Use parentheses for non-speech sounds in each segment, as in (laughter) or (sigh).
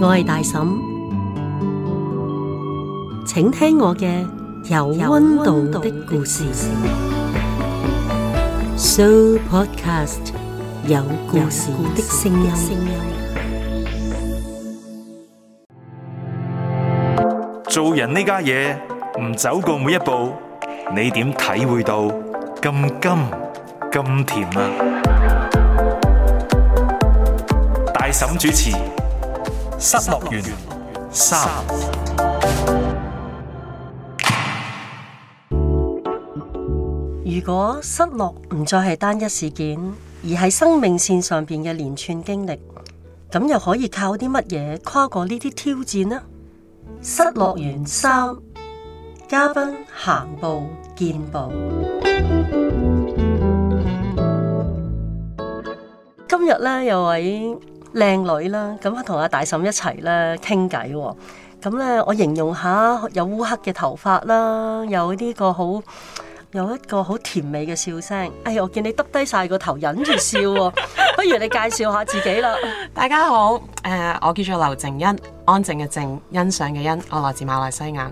我係大嬸，請聽我嘅有溫度的故事，Show Podcast，有故事的聲音。做人呢家嘢，唔走過每一步，你點體會到咁甘咁甜啊？大嬸主持。失落完三。如果失落唔再係單一事件，而係生命線上邊嘅連串經歷，咁又可以靠啲乜嘢跨過呢啲挑戰呢？失落完三，嘉賓行步見步。今日咧，有位。靚女啦，咁啊同阿大嬸一齊咧傾偈，咁咧我形容下有烏黑嘅頭髮啦，有呢個好有一個好甜美嘅笑聲。哎，我見你耷低晒個頭，忍住笑喎， (laughs) 不如你介紹下自己啦。大家好，誒我叫做劉靜欣，安靜嘅靜，欣賞嘅欣，我來自馬來西亞。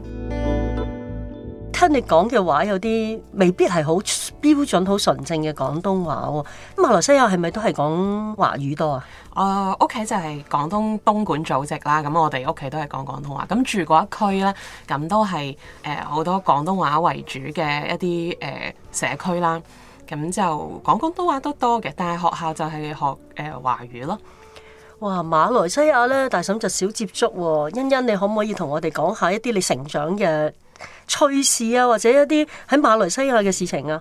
聽你講嘅話有啲未必係好標準、好純正嘅廣東話喎。咁馬來西亞係咪都係講華語多啊？啊、呃，屋企就係廣東東莞祖籍啦，咁我哋屋企都係講廣東話。咁住嗰一區呢，咁都係誒好多廣東話為主嘅一啲誒、呃、社區啦。咁就講廣東話都多嘅，但係學校就係學誒、呃、華語咯。哇，馬來西亞呢，大嬸就少接觸喎、哦。欣欣，你可唔可以同我哋講下一啲你成長嘅趣事啊，或者一啲喺馬來西亞嘅事情啊。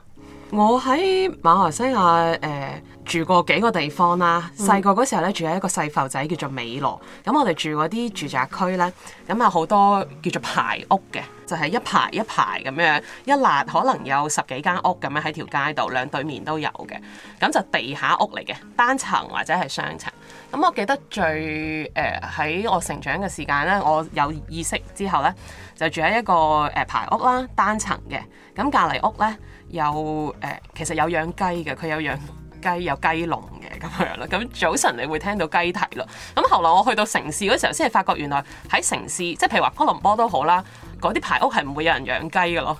我喺馬來西亞誒、呃、住過幾個地方啦、啊。細個嗰時候咧住喺一個細埠仔叫做美羅，咁、嗯、我哋住嗰啲住宅區咧，咁、嗯、有好多叫做排屋嘅。就係一排一排咁樣，一辣可能有十幾間屋咁樣喺條街度，兩對面都有嘅。咁就地下屋嚟嘅，單層或者係雙層。咁我記得最誒喺、呃、我成長嘅時間咧，我有意識之後咧，就住喺一個誒、呃、排屋啦，單層嘅。咁隔離屋咧有誒、呃，其實有養雞嘅，佢有養。雞有雞籠嘅咁樣啦，咁早晨你會聽到雞啼咯。咁後來我去到城市嗰時候，先係發覺原來喺城市，即係譬如話波隆波都好啦，嗰啲排屋係唔會有人養雞嘅咯。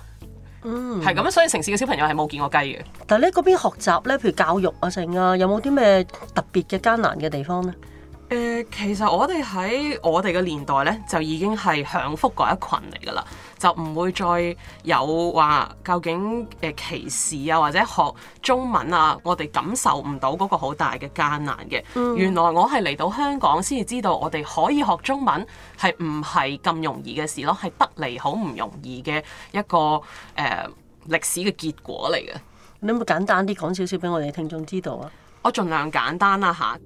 嗯，係咁，所以城市嘅小朋友係冇見過雞嘅。但係咧，嗰邊學習咧，譬如教育啊成啊，有冇啲咩特別嘅艱難嘅地方咧？誒，其實我哋喺我哋嘅年代呢，就已經係享福嗰一群嚟噶啦，就唔會再有話究竟誒歧視啊，或者學中文啊，我哋感受唔到嗰個好大嘅艱難嘅。嗯、原來我係嚟到香港先至知道，我哋可以學中文係唔係咁容易嘅事咯，係得嚟好唔容易嘅一個誒呃、歷史嘅結果嚟嘅。你有冇簡單啲講少少俾我哋聽眾知道啊？我盡量簡單啦吓。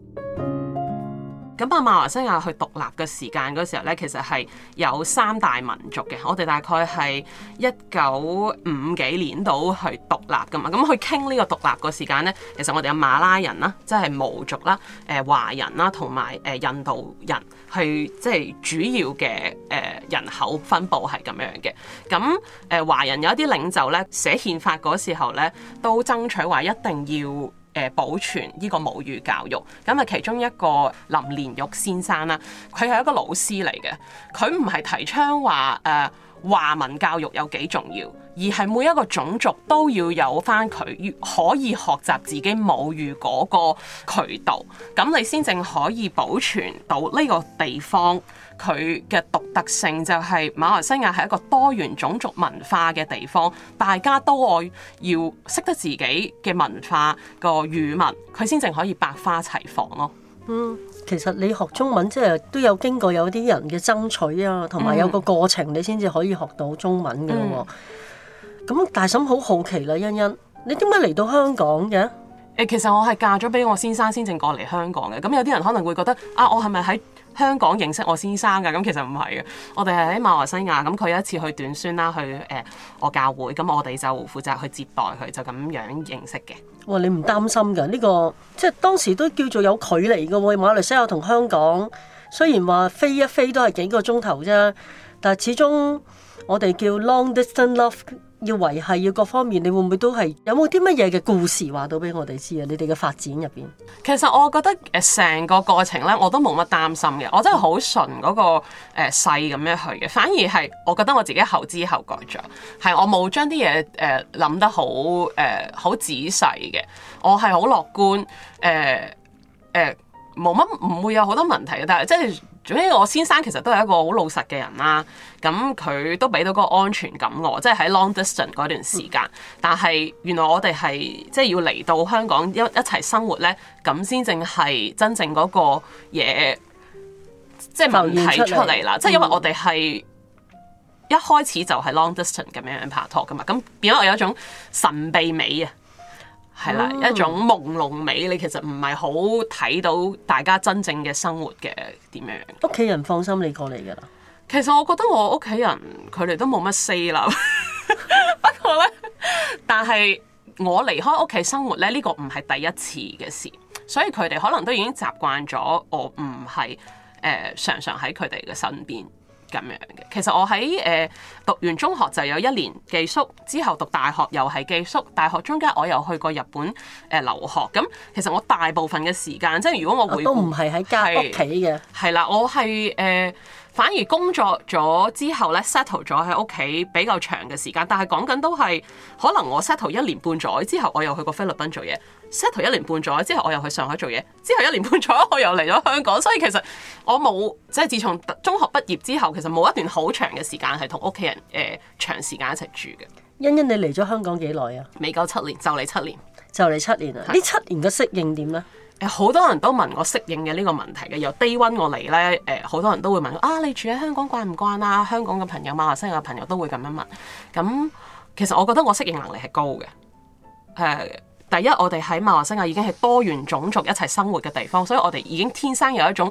咁啊，馬來西亞去獨立嘅時間嗰時候咧，其實係有三大民族嘅。我哋大概係一九五幾年到去獨立噶嘛。咁去傾呢個獨立個時間咧，其實我哋有馬拉人啦，即係巫族啦，誒華人啦，同埋誒印度人，係即係主要嘅誒人口分布係咁樣嘅。咁誒華人有一啲領袖咧，寫憲法嗰時候咧，都爭取話一定要，誒保存呢個母語教育，咁啊其中一個林連玉先生啦，佢係一個老師嚟嘅，佢唔係提倡話誒、呃、華文教育有幾重要，而係每一個種族都要有翻佢可以學習自己母語嗰個渠道，咁你先正可以保存到呢個地方。佢嘅獨特性就係馬來西亞係一個多元種族文化嘅地方，大家都愛要識得自己嘅文化、個語文，佢先至可以百花齊放咯。嗯，其實你學中文即係都有經過有啲人嘅爭取啊，同埋有，有個過程，你先至可以學到中文嘅。嗯，咁大嬸好好奇啦，欣欣，你點解嚟到香港嘅？誒，其實我係嫁咗俾我先生先正過嚟香港嘅。咁有啲人可能會覺得啊，我係咪喺？香港認識我先生噶，咁其實唔係嘅，我哋係喺馬來西亞，咁佢有一次去短宣啦，去誒、呃、我教會，咁我哋就負責去接待佢，就咁樣認識嘅。哇！你唔擔心嘅呢、呢個，即係當時都叫做有距離嘅喎，馬來西亞同香港雖然話飛一飛都係幾個鐘頭啫，但係始終我哋叫 long distance love。要維繫，要各方面，你會唔會都係有冇啲乜嘢嘅故事話到俾我哋知啊？你哋嘅發展入邊，其實我覺得誒成、呃、個過程咧，我都冇乜擔心嘅，我真係好順嗰個誒勢咁樣去嘅，反而係我覺得我自己後知後覺咗，係我冇將啲嘢誒諗得好誒好仔細嘅，我係好樂觀誒誒，冇乜唔會有好多問題嘅，但係即係。總之，我先生其實都係一個好老實嘅人啦。咁佢都俾到個安全感我，即係喺 long distance 嗰段時間。嗯、但係原來我哋係即係要嚟到香港一一齊生活咧，咁先正係真正嗰個嘢，即係問題出嚟啦。即係因為我哋係、嗯、一開始就係 long distance 咁樣樣拍拖㗎嘛，咁變咗我有一種神秘美啊。係啦，oh. 一種朦朧美，你其實唔係好睇到大家真正嘅生活嘅點樣。屋企人放心你過嚟㗎喇。其實我覺得我屋企人佢哋都冇乜 say 啦。 (laughs) 不過咧，但係我離開屋企生活咧，呢、呢個唔係第一次嘅事，所以佢哋可能都已經習慣咗我唔係誒常常喺佢哋嘅身邊。咁樣嘅，其實我喺誒、呃、讀完中學就有一年寄宿，之後讀大學又係寄宿，大學中間我又去過日本誒、呃、留學，咁其實我大部分嘅時間，即係如果我回都唔係喺家屋企嘅，係啦，我係誒。呃反而工作咗之後呢，settle 咗喺屋企比較長嘅時間，但係講緊都係可能我 settle 一年半載之後，我又去過菲律賓做嘢；settle 一年半載之後，我又去上海做嘢；之後一年半載，我又嚟咗香港。所以其實我冇即係自從中學畢業之後，其實冇一段好長嘅時間係同屋企人誒、呃、長時間一齊住嘅。欣欣，你嚟咗香港幾耐啊？未夠七年，就嚟七年，就嚟七年啊！呢是七年嘅適應點呢？好多人都問我適應嘅呢個問題嘅，由低温我嚟呢。誒、呃、好多人都會問：啊，你住喺香港慣唔慣啊？香港嘅朋友、馬來西亞嘅朋友都會咁樣問。咁、嗯、其實我覺得我適應能力係高嘅。誒、呃，第一，我哋喺馬來西亞已經係多元種族一齊生活嘅地方，所以我哋已經天生有一種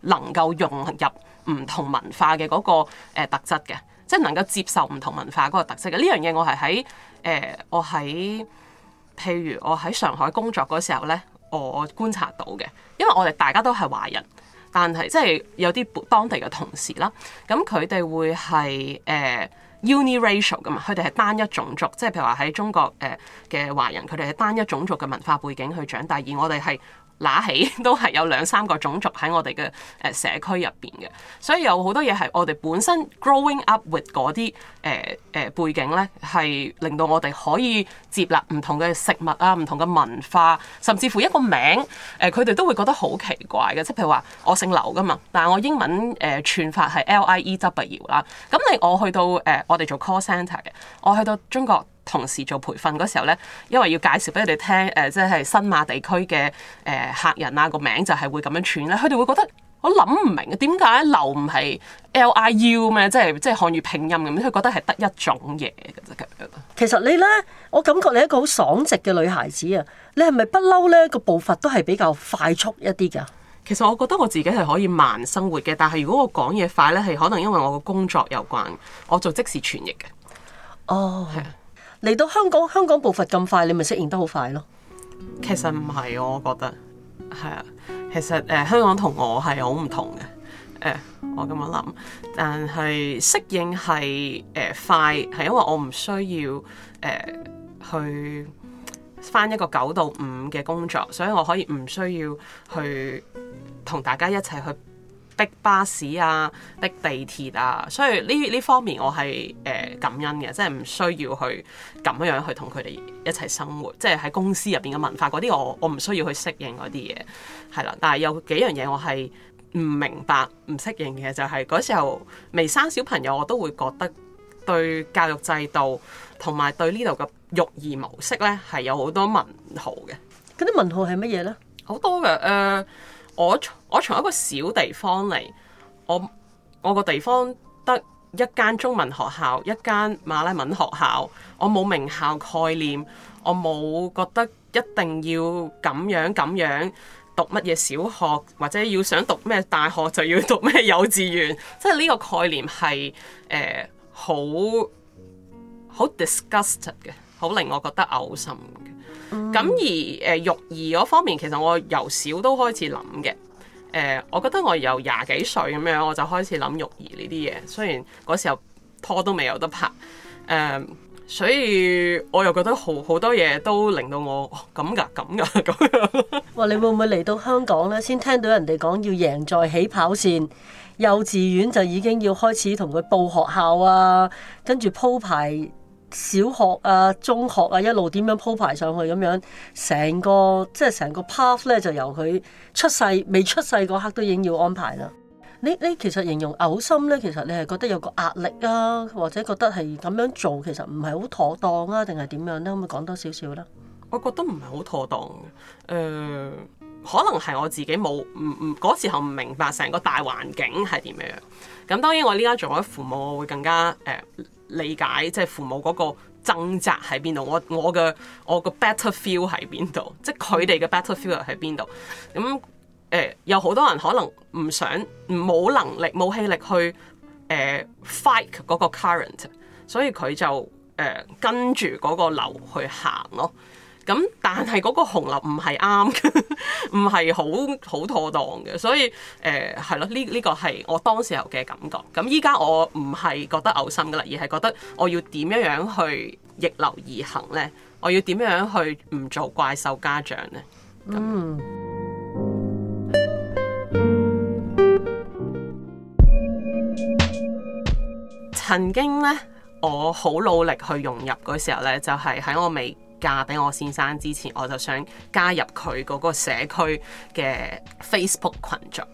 能夠融入唔同文化嘅嗰、那個、呃、特質嘅，即係能夠接受唔同文化嗰個特色嘅。呢樣嘢我係喺誒，我喺譬如我喺上海工作嗰時候呢。我觀察到嘅，因為我哋大家都係華人，但係即係有啲當地嘅同事啦，咁佢哋會係誒 uniracial 㗎嘛，佢哋係單一種族，即係譬如話喺中國誒嘅華人，佢哋係單一種族嘅文化背景去長大，而我哋係。嗱，起 (laughs) 都係有兩三個種族喺我哋嘅誒社區入邊嘅，所以有好多嘢係我哋本身 growing up with 嗰啲誒誒背景咧，係令到我哋可以接納唔同嘅食物啊、唔同嘅文化，甚至乎一個名誒，佢、呃、哋都會覺得好奇怪嘅。即係譬如話，我姓劉㗎嘛，但係我英文誒串、呃、法係 L-I-E-W 伯搖啦。咁你我去到誒、呃、我哋做 call center 嘅，我去到中國。同時做培訓嗰時候呢，因為要介紹俾佢哋聽，誒、呃、即係新馬地區嘅誒、呃、客人啊，個名就係會咁樣串咧，佢哋會覺得我諗唔明，點解留唔係 L I U 咩？即係即係漢語拼音咁，佢覺得係得一種嘢。其實你呢，我感覺你一個好爽直嘅女孩子啊，你係咪不嬲呢？個步伐都係比較快速一啲噶？其實我覺得我自己係可以慢生活嘅，但係如果我講嘢快呢，係可能因為我個工作有關，我做即時傳譯嘅。哦、oh.，係啊。嚟到香港，香港步伐咁快，你咪適應得好快咯。其實唔係我覺得，係啊，其實誒、呃，香港同我係好唔同嘅。誒、呃，我咁樣諗，但係適應係誒、呃、快，係因為我唔需要誒、呃、去返一個九到五嘅工作，所以我可以唔需要去同大家一齊去。逼巴士啊，逼地鐵啊，所以呢呢方面我係誒、呃、感恩嘅，即係唔需要去咁樣去同佢哋一齊生活，即係喺公司入邊嘅文化嗰啲，我我唔需要去適應嗰啲嘢，係啦。但係有幾樣嘢我係唔明白、唔適應嘅，就係、是、嗰時候未生小朋友，我都會覺得對教育制度同埋對呢度嘅育兒模式呢係有多呢好多問號嘅。嗰啲問號係乜嘢呢？好多嘅誒。我我從一個小地方嚟，我我個地方得一間中文學校，一間馬拉文學校，我冇名校概念，我冇覺得一定要咁樣咁樣讀乜嘢小學，或者要想讀咩大學就要讀咩幼稚園，即係呢個概念係誒好好 disgusted 嘅。呃好令我覺得嘔心嘅，咁、嗯、而誒育兒嗰方面，其實我由小都開始諗嘅。誒、呃，我覺得我由廿幾歲咁樣，我就開始諗育兒呢啲嘢。雖然嗰時候拖都未有得拍，誒、呃，所以我又覺得好好多嘢都令到我咁㗎，咁、哦、㗎，咁樣。哇！你會唔會嚟到香港咧，先聽到人哋講要贏在起跑線，幼稚園就已經要開始同佢報學校啊，跟住鋪排。小學啊、中學啊，一路點樣鋪排上去咁樣，成個即係成個 path 咧，就由佢出世未出世嗰刻都已經要安排啦。你你其實形容嘔心咧，其實你係覺得有個壓力啊，或者覺得係咁樣做其實唔係好妥當啊，定係點樣咧？可唔可以講多少少咧？我覺得唔係好妥當嘅，呃，可能係我自己冇唔唔嗰時候唔明白成個大環境係點樣。咁當然我呢家做開父母，我會更加誒。呃理解即係父母嗰個掙扎喺邊度，我我嘅我個 battlefield 喺邊度，即係佢哋嘅 battlefield 喺邊度。咁、嗯、誒、呃、有好多人可能唔想、冇能力、冇氣力去誒、呃、fight 嗰個 current，所以佢就誒、呃、跟住嗰個流去行咯。咁，但係嗰個紅綠唔係啱嘅， (laughs) 唔係好好妥當嘅。所以誒，係、呃、咯，呢呢個係我當時候嘅感覺。咁依家我唔係覺得嘔心噶啦，而係覺得我要點樣樣去逆流而行呢？我要點樣樣去唔做怪獸家長呢？嗯、曾經呢，我好努力去融入嗰時候呢，就係、是、喺我未。嫁俾我先生之前，我就想加入佢嗰個社區嘅 Facebook 群組。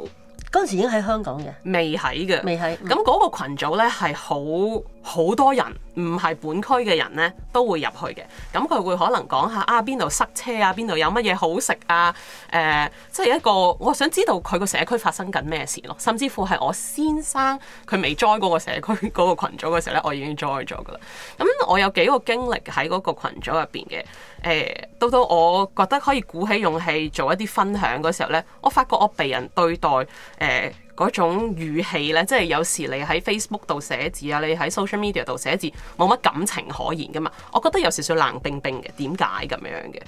嗰陣時已經喺香港嘅，未喺嘅，未喺。咁、嗯、嗰個群組咧係好。好多人唔係本區嘅人呢都會入去嘅。咁佢會可能講下啊，邊度塞車啊，邊度有乜嘢好食啊？誒、呃，即係一個我想知道佢個社區發生緊咩事咯。甚至乎係我先生佢未 join 過個社區嗰個群組嘅時候呢，我已經 join 咗噶啦。咁、嗯、我有幾個經歷喺嗰個群組入邊嘅。誒、呃，到到我覺得可以鼓起勇氣做一啲分享嗰時候呢，我發覺我被人對待誒，呃嗰種語氣咧，即係有時你喺 Facebook 度寫字啊，你喺 social media 度寫字冇乜感情可言噶嘛？我覺得有少少冷冰冰嘅，點解咁樣嘅？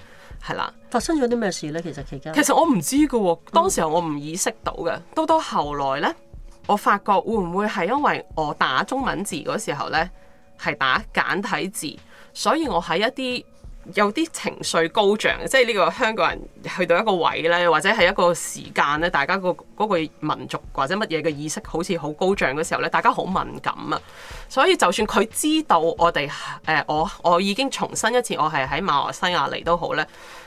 係啦，發生咗啲咩事咧？其實期間其實我唔知㗎喎，嗯、當時候我唔意識到嘅，到到後來咧，我發覺會唔會係因為我打中文字嗰時候咧係打簡體字，所以我喺一啲。有啲情緒高漲，即係呢個香港人去到一個位呢，或者係一個時間呢，大家個嗰民族或者乜嘢嘅意識好似好高漲嘅時候呢，大家好敏感啊。所以就算佢知道我哋誒、呃、我我已經重申一次，我係喺馬來西亞嚟都好呢，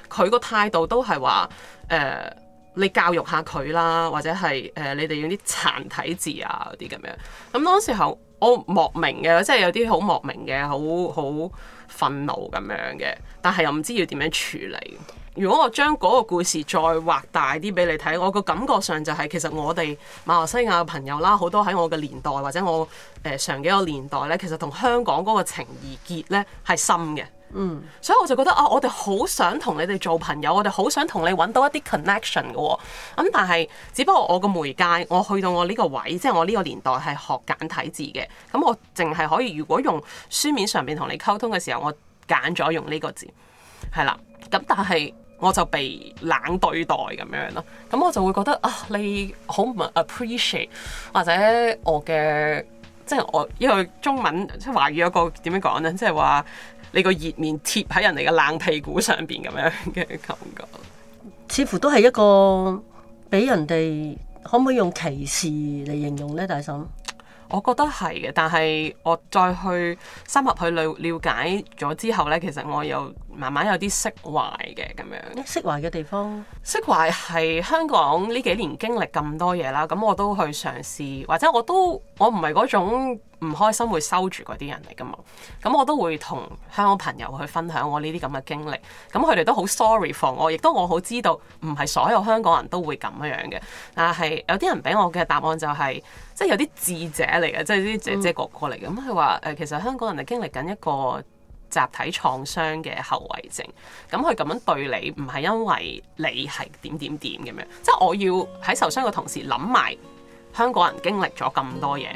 佢個態度都係話誒你教育下佢啦，或者係誒、呃、你哋用啲殘體字啊嗰啲咁樣。咁當時候我莫名嘅，即係有啲好莫名嘅，好好，憤怒咁樣嘅，但係又唔知要點樣處理。如果我將嗰個故事再畫大啲俾你睇，我個感覺上就係、是、其實我哋馬來西亞嘅朋友啦，好多喺我嘅年代或者我誒、呃、上幾個年代呢，其實同香港嗰個情意結呢係深嘅。嗯，所以我就覺得啊，我哋好想同你哋做朋友，我哋好想同你揾到一啲 connection 嘅、哦。咁、嗯、但係，只不過我個媒介，我去到我呢個位，即係我呢個年代係學簡體字嘅。咁、嗯、我淨係可以，如果用書面上面同你溝通嘅時候，我揀咗用呢個字，係啦。咁、嗯、但係我就被冷對待咁樣咯。咁、嗯、我就會覺得啊，你好唔 appreciate 或者我嘅，即係我因為中文即係華語有一個點樣講呢？即係話。你個熱面貼喺人哋嘅冷屁股上邊咁樣嘅感覺，似乎都係一個俾人哋可唔可以用歧視嚟形容呢？大嬸，我覺得係嘅，但係我再去深入去了了解咗之後呢，其實我又。慢慢有啲釋懷嘅咁樣，釋懷嘅地方，釋懷係香港呢幾年經歷咁多嘢啦，咁我都去嘗試，或者我都我唔係嗰種唔開心會收住嗰啲人嚟㗎嘛，咁我都會同香港朋友去分享我呢啲咁嘅經歷，咁佢哋都好 sorry for 我，亦都我好知道唔係所有香港人都會咁樣嘅，但係有啲人俾我嘅答案就係、是，即係有啲智者嚟嘅，即係啲姐姐哥哥嚟嘅，咁佢話誒其實香港人係經歷緊一個。集體創傷嘅後遺症，咁佢咁樣對你唔係因為你係點點點咁樣，怎樣，怎樣，即係我要喺受傷嘅同時諗埋香港人經歷咗咁多嘢，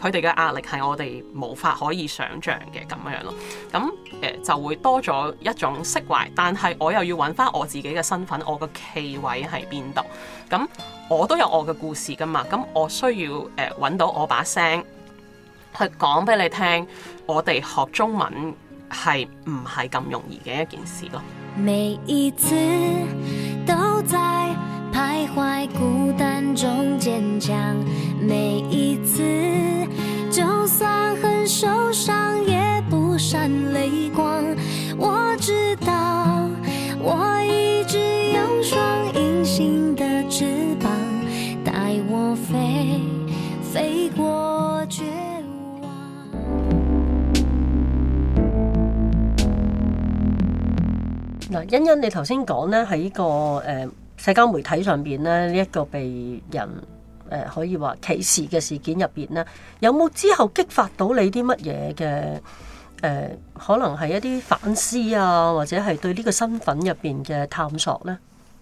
佢哋嘅壓力係我哋無法可以想像嘅咁樣咯。咁誒就會多咗一種釋懷，但係我又要揾翻我自己嘅身份，我嘅企位喺邊度？咁我都有我嘅故事㗎嘛。咁我需要誒揾、呃、到我把聲去講俾你聽，我哋學中文。係唔係咁容易嘅一件事咯？每一次都在徘徊孤單中堅強，每一次就算很受傷也不閃淚光。我知道，我一直有雙隱形的翅膀，帶我飛，飛過絕。嗱，欣欣，你頭先講咧喺個誒、呃、社交媒體上邊咧呢一個被人誒、呃、可以話歧視嘅事件入邊咧，有冇之後激發到你啲乜嘢嘅誒？可能係一啲反思啊，或者係對呢個身份入邊嘅探索咧？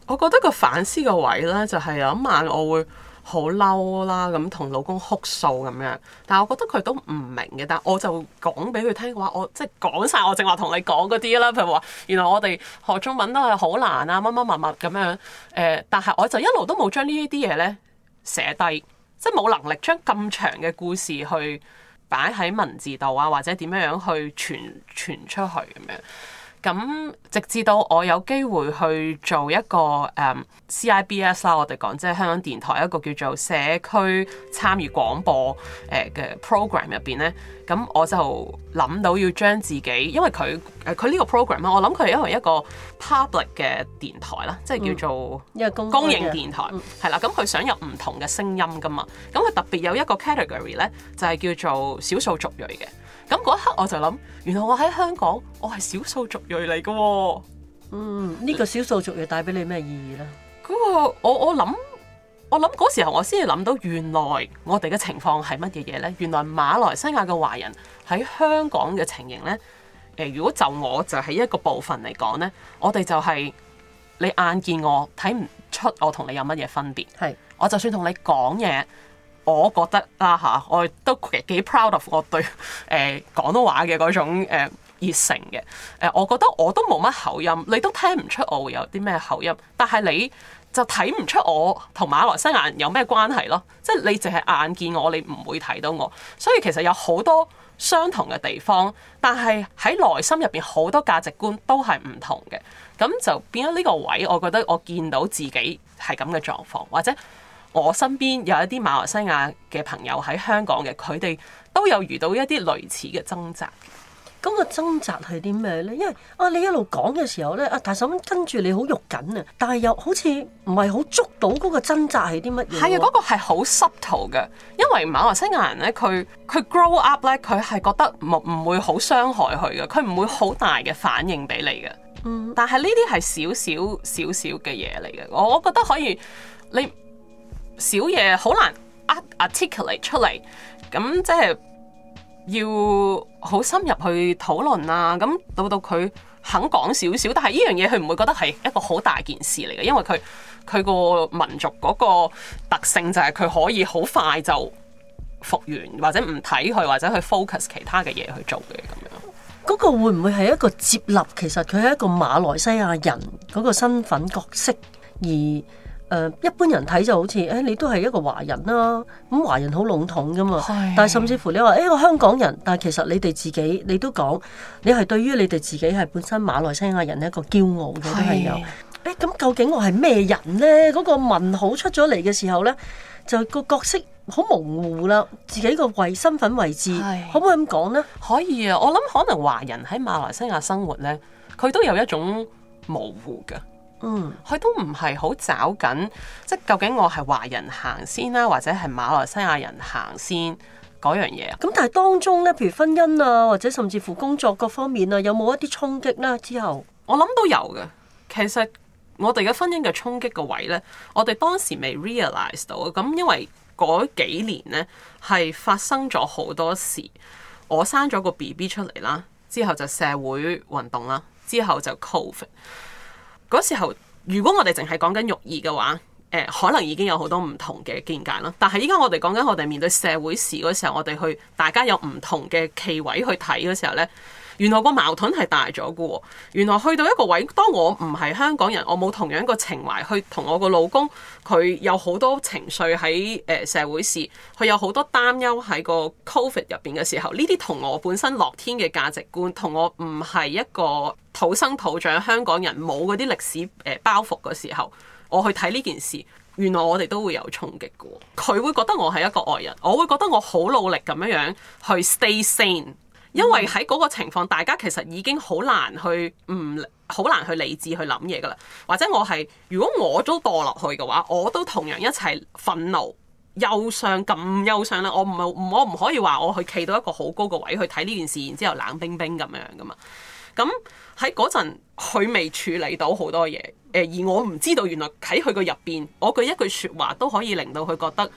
我覺得個反思嘅位咧，就係、是、有一晚我會。好嬲啦，咁同老公哭訴咁樣，但係我覺得佢都唔明嘅。但係我就講俾佢聽嘅話，我即係講晒，我正話同你講嗰啲啦。譬如話，原來我哋學中文都係好難啊，乜乜乜乜咁樣誒，但係我就一路都冇將呢啲嘢咧寫低，即係冇能力將咁長嘅故事去擺喺文字度啊，或者點樣樣去傳傳出去咁樣。咁直至到我有機會去做一個誒 CIBS 啦，um, CI BS, 我哋講即係香港電台一個叫做社區參與廣播誒嘅 program 入邊咧，咁我就諗到要將自己，因為佢誒佢呢個 program 啦，我諗佢係因為一個 public 嘅電台啦，即係叫做一個公公營電台，係啦、嗯，咁佢、嗯、想有唔同嘅聲音噶嘛，咁佢特別有一個 category 咧，就係、是、叫做少數族裔嘅。咁嗰一刻我就諗，原來我喺香港，我係少數族裔嚟㗎喎。嗯，呢個少數族裔帶俾你咩意義呢？咁我我諗，我諗嗰時候我先至諗到，原來我哋嘅情況係乜嘢嘢呢？原來馬來西亞嘅華人喺香港嘅情形呢？誒，如果就我就係一個部分嚟講呢，我哋就係，你眼見我睇唔出我同你有乜嘢分別。係，我就算同你講嘢。我覺得啦嚇、啊，我都幾 proud of 我對誒、呃、廣東話嘅嗰種誒、呃、熱誠嘅。誒、呃，我覺得我都冇乜口音，你都聽唔出我會有啲咩口音。但係你就睇唔出我同馬來西亞人有咩關係咯。即係你淨係眼見我，你唔會睇到我。所以其實有好多相同嘅地方，但係喺內心入邊好多價值觀都係唔同嘅。咁就變咗呢個位，我覺得我見到自己係咁嘅狀況，或者。我身邊有一啲馬來西亞嘅朋友喺香港嘅，佢哋都有遇到一啲類似嘅掙扎。咁個掙扎係啲咩呢？因為啊，你一路講嘅時候呢，阿、啊、大嬸跟住你好肉緊啊，但係又好似唔係好捉到嗰個掙扎係啲乜嘢？係啊，嗰個係好濕塗嘅，因為馬來西亞人呢，佢佢 grow up 呢，佢係覺得唔唔會好傷害佢嘅，佢唔會好大嘅反應俾你嘅。嗯，但係呢啲係少少少少嘅嘢嚟嘅，我我覺得可以你。小嘢好難 articulate 出嚟，咁即係要好深入去討論啊！咁到到佢肯講少少，但係呢樣嘢佢唔會覺得係一個好大件事嚟嘅，因為佢佢個民族嗰個特性就係佢可以好快就復原，或者唔睇佢，或者去 focus 其他嘅嘢去做嘅咁樣。嗰個會唔會係一個接納？其實佢係一個馬來西亞人嗰個身份角色而。誒、uh, 一般人睇就好似，誒、欸、你都係一個華人啦、啊，咁華人好籠統噶嘛。是但係甚至乎你話一個香港人，但係其實你哋自己，你都講你係對於你哋自己係本身馬來西亞人一個驕傲嘅都係有。係是，誒咁、欸、究竟我係咩人呢？嗰、那個問號出咗嚟嘅時候呢，就個角色好模糊啦。自己個位身份位置，是可唔可以咁講呢？可以啊，我諗可能華人喺馬來西亞生活呢，佢都有一種模糊嘅。嗯，佢都唔係好找緊，即係究竟我係華人行先啦、啊，或者係馬來西亞人行先嗰樣嘢啊。咁但係當中咧，譬如婚姻啊，或者甚至乎工作各方面啊，有冇一啲衝擊呢？之後我諗都有嘅。其實我哋嘅婚姻嘅衝擊個位呢，我哋當時未 r e a l i z e 到。咁因為嗰幾年呢，係發生咗好多事，我生咗個 BB 出嚟啦，之後就社會運動啦，之後就 c o 嗰時候，如果我哋淨係講緊育兒嘅話，誒、呃，可能已經有好多唔同嘅見解咯。但係依家我哋講緊我哋面對社會事嗰時候，我哋去大家有唔同嘅企位去睇嗰時候咧。原來個矛盾係大咗嘅喎。原來去到一個位，當我唔係香港人，我冇同樣一個情懷去同我個老公，佢有好多情緒喺誒社會事，佢有好多擔憂喺個 COVID 入邊嘅時候，呢啲同我本身樂天嘅價值觀，同我唔係一個土生土長香港人冇嗰啲歷史誒包袱嘅時候，我去睇呢件事，原來我哋都會有衝擊嘅。佢會覺得我係一個外人，我會覺得我好努力咁樣樣去 stay sane。因為喺嗰個情況，大家其實已經好難去唔好難去理智去諗嘢噶啦。或者我係如果我都墮落去嘅話，我都同樣一齊憤怒、憂傷咁憂傷啦。我唔冇，我唔可以話我去企到一個好高嘅位去睇呢件事，然之後冷冰冰咁樣噶嘛。咁喺嗰陣佢未處理到好多嘢，誒而我唔知道原來喺佢個入邊，我嘅一句説話都可以令到佢覺得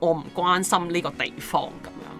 我唔關心呢個地方咁樣。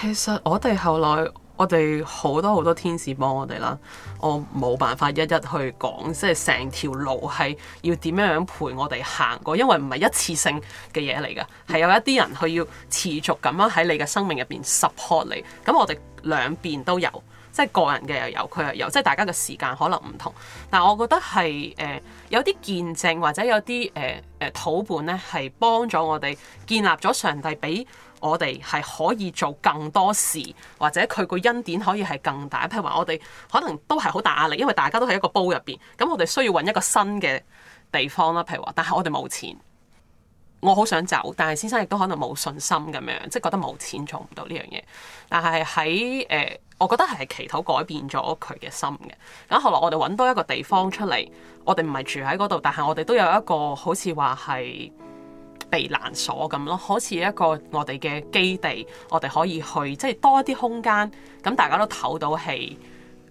其實我哋後來，我哋好多好多天使幫我哋啦，我冇辦法一一去講，即係成條路係要點樣樣陪我哋行過，因為唔係一次性嘅嘢嚟㗎，係有一啲人佢要持續咁樣喺你嘅生命入邊 support 你。咁我哋兩邊都有，即係個人嘅又有，佢又有，即係大家嘅時間可能唔同。但我覺得係誒、呃、有啲見證或者有啲誒誒土伴咧，係幫咗我哋建立咗上帝俾。我哋係可以做更多事，或者佢個恩典可以係更大。譬如話，我哋可能都係好大壓力，因為大家都喺一個煲入邊。咁我哋需要揾一個新嘅地方啦。譬如話，但係我哋冇錢，我好想走，但係先生亦都可能冇信心咁樣，即係覺得冇錢做唔到呢樣嘢。但係喺誒，我覺得係祈禱改變咗佢嘅心嘅。咁後來我哋揾多一個地方出嚟，我哋唔係住喺嗰度，但係我哋都有一個好似話係，避難所咁咯，好似一個我哋嘅基地，我哋可以去，即係多一啲空間，咁大家都透到氣，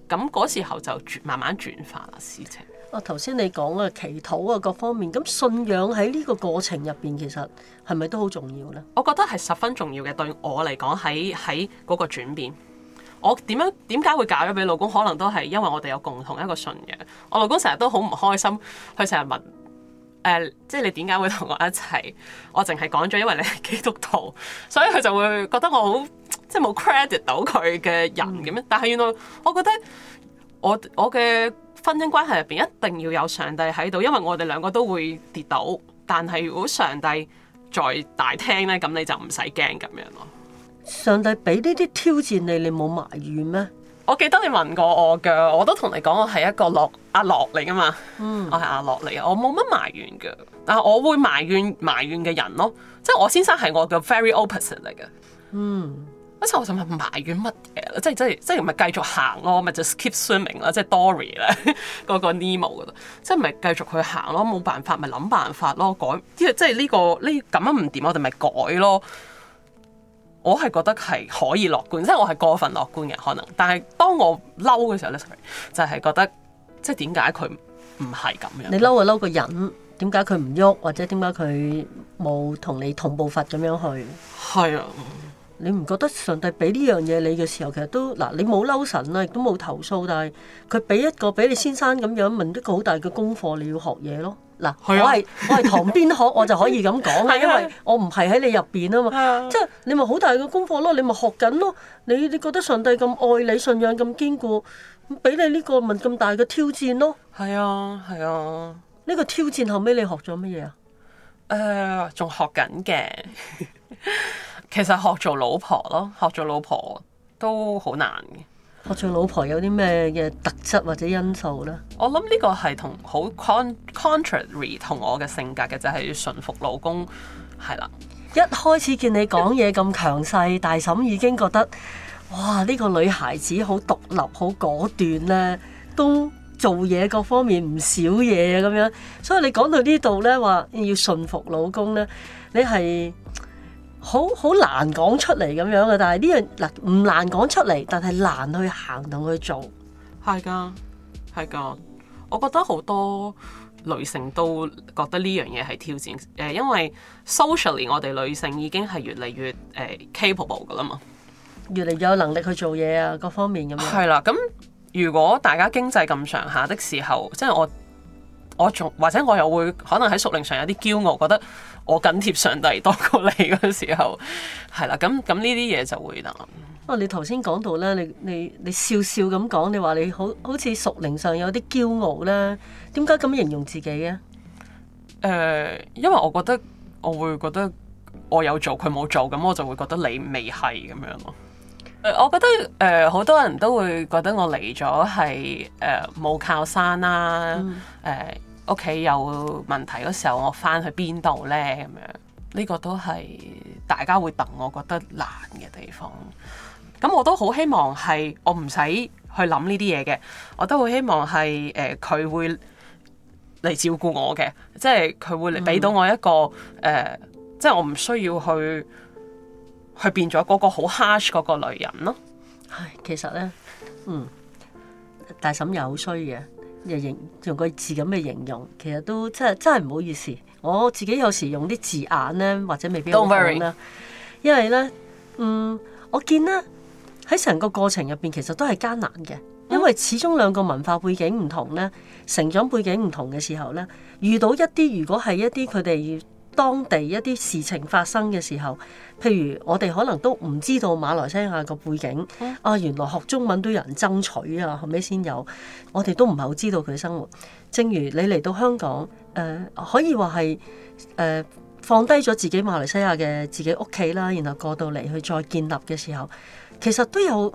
咁嗰時候就慢慢轉化啦事情。啊，頭先你講啊祈禱啊各方面，咁信仰喺呢個過程入邊，其實係咪都好重要呢？我覺得係十分重要嘅。對我嚟講，喺喺嗰個轉變，我點樣點解會嫁咗俾老公，可能都係因為我哋有共同一個信仰。我老公成日都好唔開心，佢成日問。誒、呃，即係你點解會同我一齊？我淨係講咗，因為你係基督徒，所以佢就會覺得我好即係冇 credit 到佢嘅人嘅咩？嗯、但係原來我覺得我我嘅婚姻關係入邊一定要有上帝喺度，因為我哋兩個都會跌倒，但係如果上帝在大廳呢，咁你就唔使驚咁樣咯。上帝俾呢啲挑戰你，你冇埋怨咩？我記得你問過我噶，我都同你講我係一個樂阿樂嚟噶嘛，嗯、我係阿樂嚟啊，我冇乜埋怨噶，但係我會埋怨埋怨嘅人咯，即係我先生係我嘅 very opposite 嚟嘅，嗯，好似我想問埋怨乜嘢，即係即係即係咪繼續行咯，咪就 keep swimming 啦，即係 Dory 咧，嗰、嗰個 Nemo 嗰度，即係咪繼續去行咯，冇辦法咪諗辦法咯，改，即係呢、呢個呢咁樣唔掂，我哋咪改咯。我係覺得係可以樂觀，即係我係過分樂觀嘅可能。但係當我嬲嘅時候咧，就係覺得即係點解佢唔係咁樣？你嬲就嬲個人，點解佢唔喐？或者點解佢冇同你同步發咁樣去？係啊，你唔覺得上帝俾呢樣嘢你嘅時候，其實都嗱，你冇嬲神啊，亦都冇投訴，但係佢俾一個俾你先生咁樣問一個好大嘅功課，你要學嘢咯。嗱啦、啊，我係我係旁邊學， (laughs) 我就可以咁講嘅，係因為我唔係喺你入邊啊嘛，啊即係你咪好大嘅功課咯，你咪學緊咯，你你覺得上帝咁愛你，信仰咁堅固，俾你呢個咪咁大嘅挑戰咯。係啊係啊，呢、啊、個挑戰後尾你學咗乜嘢啊？誒、呃，仲學緊嘅， (laughs) 其實學做老婆咯，學做老婆都好難嘅。我做老婆有啲咩嘅特質或者因素呢？我諗呢個係同好 contrary 同我嘅性格嘅，就係要順服老公係啦。一開始見你講嘢咁強勢，大嬸已經覺得，哇！呢個女孩子好獨立、好果斷呢，都做嘢各方面唔少嘢咁樣。所以你講到呢度呢，話要順服老公呢，你係。好好難講出嚟咁樣嘅，但係呢樣嗱唔難講出嚟，但係難去行動去做。係㗎，係㗎。我覺得好多女性都覺得呢樣嘢係挑戰，誒，因為 socially 我哋女性已經係越嚟越誒 capable 㗎啦嘛，越嚟有能力去做嘢啊，各方面咁樣，係啦，咁如果大家經濟咁上下的時候，即係我。我仲或者我又會可能喺屬靈上有啲驕傲，覺得我緊貼上帝多過你嗰時候，係啦。咁咁呢啲嘢就會啦。哦，你頭先講到咧，你你你笑笑咁講，你話你好好似屬靈上有啲驕傲咧，點解咁形容自己呀？誒、呃，因為我覺得我會覺得我有做佢冇做，咁我就會覺得你未係咁樣咯。誒、呃，我覺得誒好、呃、多人都會覺得我嚟咗係誒冇靠山啦、啊，誒、嗯。呃屋企有問題嗰時候，我翻去邊度呢？咁樣呢、這個都係大家會戥我覺得難嘅地方。咁我都好希望係我唔使去諗呢啲嘢嘅，我都好希望係誒佢會嚟照顧我嘅，即係佢會嚟俾到我一個誒、嗯呃，即係我唔需要去去變咗嗰個好 harsh 嗰個女人咯。唉，其實呢，嗯，大嬸又好衰嘅。又用用個字咁嘅形容，其實都真係真係唔好意思，我自己有時用啲字眼咧，或者未必好講啦。因為咧，嗯，我見咧喺成個過程入邊，其實都係艱難嘅，因為始終兩個文化背景唔同咧，成長背景唔同嘅時候咧，遇到一啲如果係一啲佢哋。當地一啲事情發生嘅時候，譬如我哋可能都唔知道馬來西亞個背景，嗯、啊，原來學中文都有人爭取啊，後尾先有，我哋都唔係好知道佢嘅生活。正如你嚟到香港，誒、呃、可以話係誒放低咗自己馬來西亞嘅自己屋企啦，然後過到嚟去再建立嘅時候，其實都有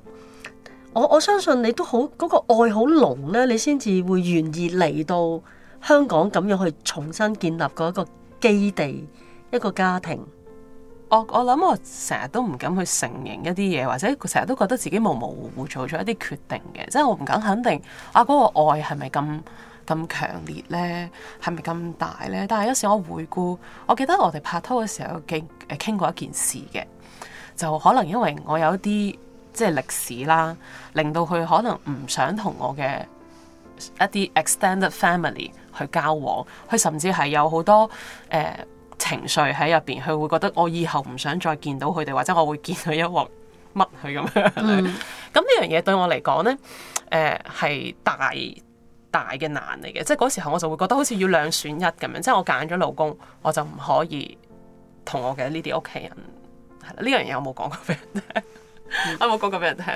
我我相信你都好嗰、嗰個愛好濃咧，你先至會願意嚟到香港咁樣去重新建立嗰一個。基地一個家庭，我我諗我成日都唔敢去承認一啲嘢，或者成日都覺得自己模模糊糊做咗一啲決定嘅，即係我唔敢肯定啊嗰個愛係咪咁咁強烈呢？係咪咁大呢？但係有時我回顧，我記得我哋拍拖嘅時候傾誒傾過一件事嘅，就可能因為我有一啲即係歷史啦，令到佢可能唔想同我嘅一啲 extended family。去交往，佢甚至係有好多誒、呃、情緒喺入邊，佢會覺得我以後唔想再見到佢哋，或者我會見佢一鑊乜佢咁樣。咁呢、嗯、 (laughs) 樣嘢對我嚟講呢，誒、呃、係大大嘅難嚟嘅，即係嗰時候我就會覺得好似要兩選一咁樣，即係我揀咗老公，我就唔可以同我嘅呢啲屋企人。係啦，呢樣嘢有冇講過俾人聽？嗯、 (laughs) 有冇講過俾人聽。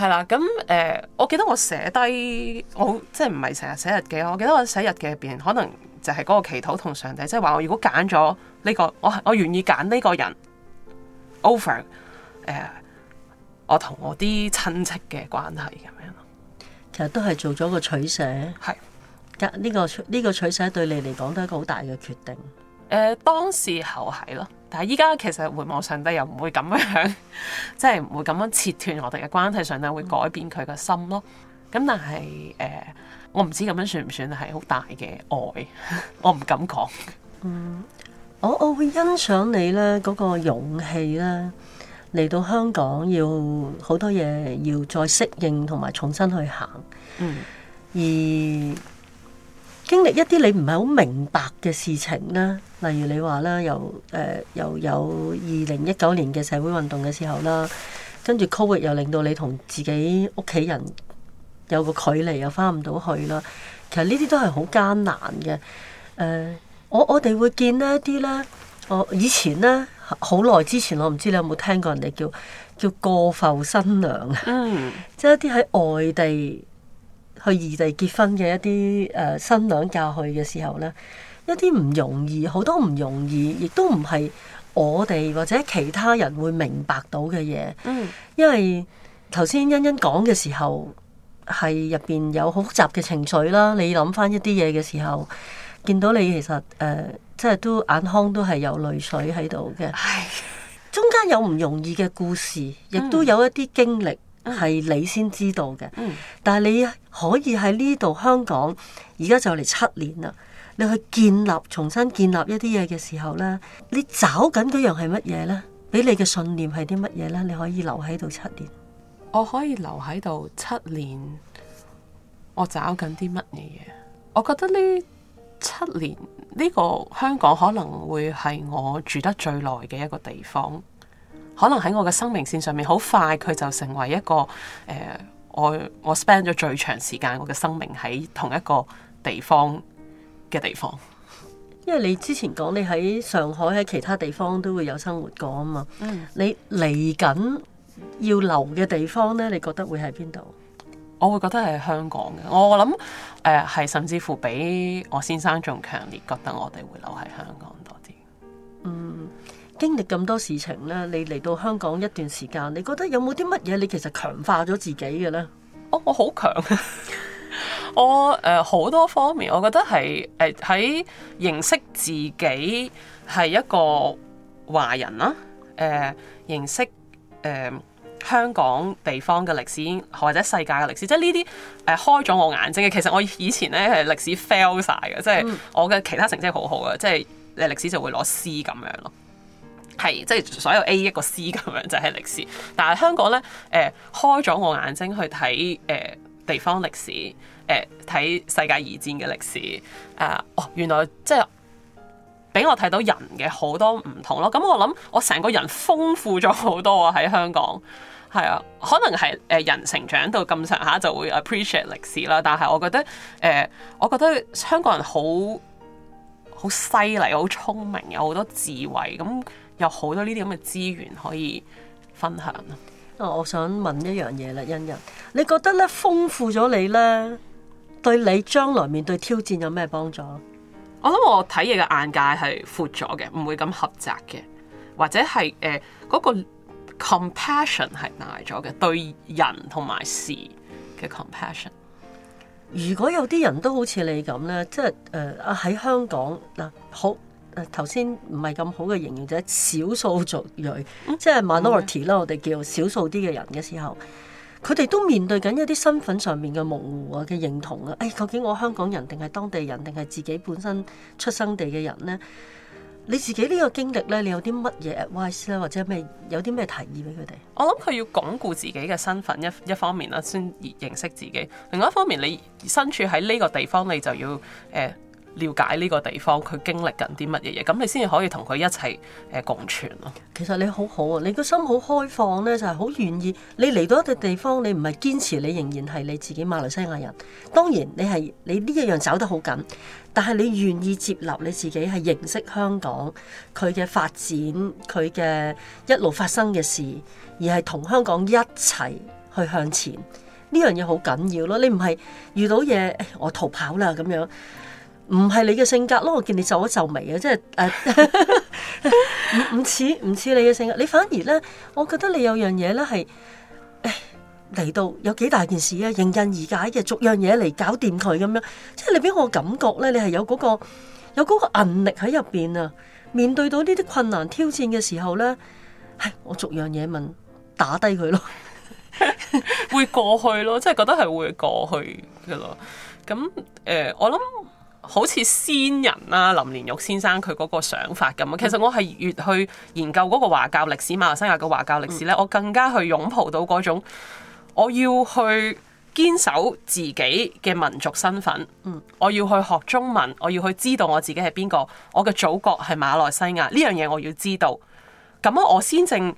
係啦，咁誒、呃，我記得我寫低，我即係唔係成日寫日記？我記得我寫日記入邊，可能就係嗰個祈禱同上帝，即係話我如果揀咗呢個，我我願意揀呢個人 over 誒、呃，我同我啲親戚嘅關係咁樣咯。其實都係做咗個取捨，係隔呢個呢、呢個取捨對你嚟講都係一個好大嘅決定，誒，當時候係咯，但係依家其實回望上帝又唔會咁樣，即係唔會咁樣切斷我哋嘅關係。上帝會改變佢嘅心咯。咁但係誒、呃，我唔知咁樣算唔算係好大嘅愛，我唔敢講、嗯。我我會欣賞你呢嗰、嗰個勇氣咧，嚟到香港要好多嘢要再適應同埋重新去行。嗯，而。經歷一啲你唔係好明白嘅事情咧，例如你話啦，又誒又有二零一九年嘅社會運動嘅時候啦，跟住 COVID 又令到你同自己屋企人有個距離，又翻唔到去啦。其實呢啲都係好艱難嘅。誒、呃，我我哋會見到一啲咧，我、呃、以前咧好耐之前，我唔知你有冇聽過人哋叫叫過埠新娘啊？即係、mm. (laughs) 一啲喺外地。去異地結婚嘅一啲誒、呃、新娘嫁去嘅時候咧，一啲唔容易，好多唔容易，亦都唔係我哋或者其他人會明白到嘅嘢。嗯，因為頭先欣欣講嘅時候係入邊有好複雜嘅情緒啦。你諗翻一啲嘢嘅時候，見到你其實誒，即、呃、係都眼眶都係有淚水喺度嘅。中間有唔容易嘅故事，亦都有一啲經歷。嗯係你先知道嘅，嗯、但係你可以喺呢度香港，而家就嚟七年啦。你去建立、重新建立一啲嘢嘅時候呢，你找緊嗰樣係乜嘢呢？俾你嘅信念係啲乜嘢呢？你可以留喺度七年，我可以留喺度七年。我找緊啲乜嘢嘢？我覺得呢七年呢、呢個香港可能會係我住得最耐嘅一個地方。可能喺我嘅生命線上面，好快佢就成為一個誒、呃，我我 spend 咗最長時間，我嘅生命喺同一個地方嘅地方。因為你之前講你喺上海喺其他地方都會有生活過啊嘛，嗯、你嚟緊要留嘅地方呢，你覺得會喺邊度？我會覺得係香港嘅，我諗誒係甚至乎比我先生仲強烈，覺得我哋會留喺香港多啲。嗯。經歷咁多事情咧，你嚟到香港一段時間，你覺得有冇啲乜嘢你其實強化咗自己嘅咧？哦，我好強 (laughs) 我誒好、呃、多方面，我覺得係誒喺認識自己係一個華人啦，誒、呃、認識誒、呃、香港地方嘅歷史或者世界嘅歷史，即係呢啲誒開咗我眼睛嘅。其實我以前咧係歷史 fail 曬嘅，嗯、即係我嘅其他成績好好嘅，即係誒歷史就會攞 C 咁樣咯。係即係所有 A 一個 C 咁樣就係歷史，但係香港咧，誒、呃、開咗我眼睛去睇誒、呃、地方歷史，誒、呃、睇世界二戰嘅歷史，誒、呃、哦，原來即係俾我睇到人嘅好多唔同咯。咁、嗯、我諗我成個人豐富咗好多啊！喺香港係啊，可能係誒、呃、人成長到咁上下就會 appreciate 歷史啦。但係我覺得誒、呃，我覺得香港人好好犀利，好聰明，有好多智慧咁。嗯有好多呢啲咁嘅資源可以分享啊！我想問一樣嘢啦，欣欣，你覺得咧豐富咗你咧，對你將來面對挑戰有咩幫助？我諗我睇嘢嘅眼界係闊咗嘅，唔會咁狹窄嘅，或者係誒嗰個 compassion 係大咗嘅，對人同埋事嘅 compassion。如果有啲人都好似你咁咧，即係誒啊喺香港嗱、啊、好。誒頭先唔係咁好嘅形容者，少數族裔，即係 minority 啦，我哋叫少數啲嘅人嘅時候，佢哋都面對緊一啲身份上面嘅模糊啊嘅認同啊。誒、哎，究竟我香港人定係當地人，定係自己本身出生地嘅人呢？你自己呢個經歷呢，你有啲乜嘢 advice 咧，或者咩有啲咩提議俾佢哋？我諗佢要鞏固自己嘅身份一一方面啦，先認識自己。另外一方面，你身處喺呢個地方，你就要誒。呃了解呢個地方，佢經歷緊啲乜嘢嘢，咁你先至可以同佢一齊誒共存咯。其實你好好啊，你個心好開放咧，就係、是、好願意。你嚟到一個地方，你唔係堅持你，你仍然係你自己馬來西亞人。當然你，你係你呢一樣走得好緊，但係你願意接納你自己係認識香港佢嘅發展，佢嘅一路發生嘅事，而係同香港一齊去向前。呢樣嘢好緊要咯。你唔係遇到嘢，我逃跑啦咁樣。唔係你嘅性格咯，我見你皺一皺眉啊，即係誒，唔似唔似你嘅性格。你反而咧，我覺得你有樣嘢咧係誒嚟到有幾大件事啊，迎刃而解嘅，逐樣嘢嚟搞掂佢咁樣。即係你俾我感覺咧，你係有嗰、嗰個有嗰個韌力喺入邊啊。面對到呢啲困難挑戰嘅時候咧，我逐樣嘢問打低佢咯 (laughs) ， (laughs) 會過去咯，即係覺得係會過去嘅咯。咁誒、呃，我諗。好似先人啊，林連玉先生佢嗰個想法咁啊。其實我係越去研究嗰個華教歷史，馬來西亞嘅華教歷史咧，我更加去擁抱到嗰種我要去堅守自己嘅民族身份。我要去學中文，我要去知道我自己係邊個，我嘅祖國係馬來西亞呢樣嘢我要知道。咁我先正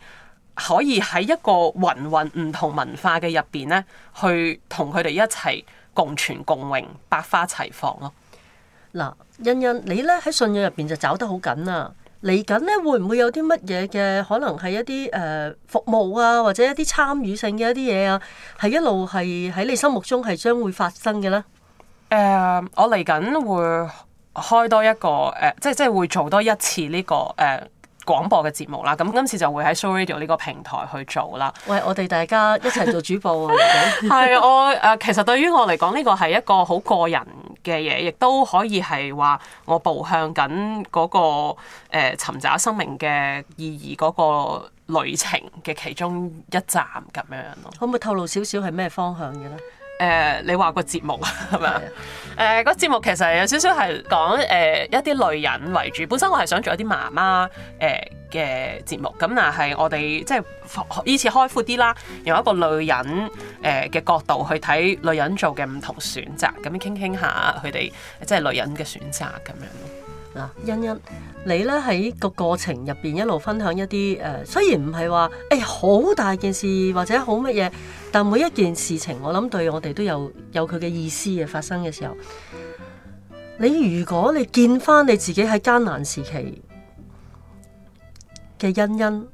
可以喺一個芸芸唔同文化嘅入邊咧，去同佢哋一齊共存共榮，百花齊放咯。嗱，欣欣，你咧喺信仰入邊就找得好緊啊！嚟緊咧會唔會有啲乜嘢嘅？可能係一啲誒、呃、服務啊，或者一啲參與性嘅一啲嘢啊，係一路係喺你心目中係將會發生嘅咧？誒、呃，我嚟緊會開多一個誒、呃，即係即係會做多一次呢、這個誒廣、呃、播嘅節目啦。咁、嗯、今次就會喺 Show Radio 呢個平台去做啦。喂，我哋大家一齊做主播啊！係 (laughs) 在我誒、呃，其實對於我嚟講，呢個係一個好個人嘅嘢，亦都可以係話我步向緊嗰個誒尋找生命嘅意義嗰個旅程嘅其中一站咁樣咯。可唔可以透露少少係咩方向嘅咧？誒、呃，你話個節目啊，係咪啊？誒的，呃，個節目其實有少少係講誒、呃、一啲女人為主，本身我係想做一啲媽媽誒嘅、呃、節目，咁但係我哋即係呢次開闊啲啦，用一個女人誒嘅角度去睇女人做嘅唔同選擇，咁樣傾傾下佢哋即係女人嘅選擇咁樣。嗱，欣欣，你咧喺個過程入邊一路分享一啲誒、呃，雖然唔係話誒好大件事或者好乜嘢，但每一件事情我諗對我哋都有有佢嘅意思嘅。發生嘅時候，你如果你見翻你自己喺艱難時期嘅欣欣，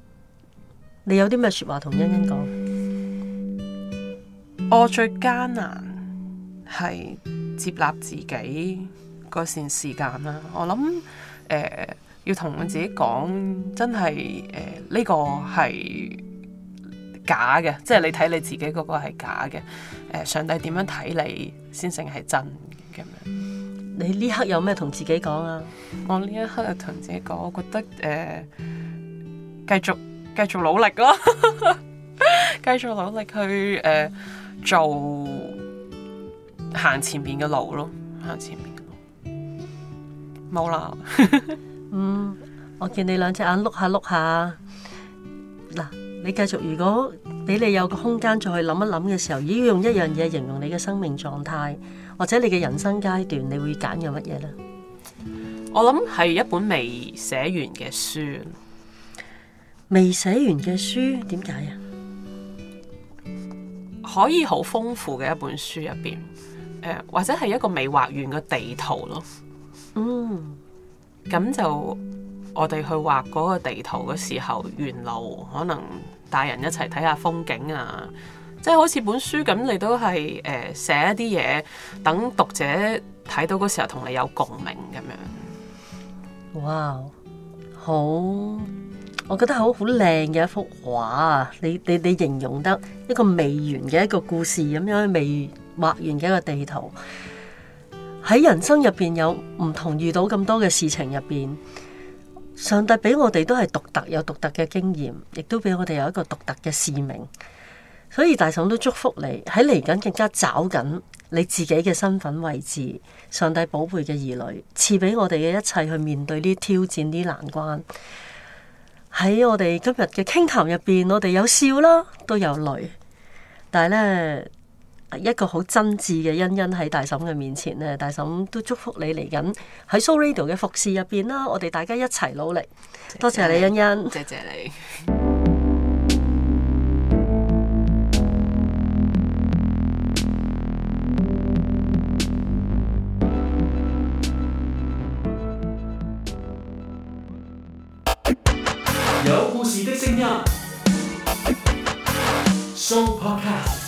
你有啲咩說話同欣欣講？我最艱難係接納自己。改善時間啦，我諗誒、呃、要同我自己講，真係誒呢個係假嘅，即係你睇你自己嗰個係假嘅。誒、呃、上帝點樣睇你先成係真嘅？咁樣你呢刻有咩同自己講啊？我呢一刻就同自己講，我覺得誒、呃、繼續繼續努力咯，繼續努力， (laughs) 繼續努力去誒、呃、做行前面嘅路咯，行前面。冇啦， (laughs) 嗯，我見你兩隻眼碌下碌下，嗱，你繼續，如果俾你有個空間再去諗一諗嘅時候，如果用一樣嘢形容你嘅生命狀態，或者你嘅人生階段，你會揀用乜嘢呢？我諗係一本未寫完嘅書。未寫完嘅書，點解啊？可以好豐富嘅一本書入邊，呃，或者係一個未畫完嘅地圖咯。嗯，咁就我哋去畫嗰個地圖嘅時候，沿路可能帶人一齊睇下風景啊，即係好似本書咁，你都係誒寫一啲嘢，等讀者睇到嗰時候同你有共鳴咁樣。哇，好，我覺得好好靚嘅一幅畫啊！你你你形容得一個未完嘅一個故事咁樣，未畫完嘅一個地圖。喺人生入邊有唔同遇到咁多嘅事情入邊，上帝俾我哋都係獨特有獨特嘅經驗，亦都俾我哋有一個獨特嘅使命。所以大嬸都祝福你喺嚟緊更加找緊你自己嘅身份位置。上帝寶貝嘅兒女賜俾我哋嘅一切去面對啲挑戰、啲難關。喺我哋今日嘅傾談入邊，我哋有笑啦，都有淚，但係咧。一個好真摯嘅欣欣喺大嬸嘅面前咧，大嬸都祝福你嚟緊喺 Soradio 嘅服侍入邊啦，我哋大家一齊努力，謝謝，多謝你欣欣，謝謝你。有故事的聲音，Song Podcast。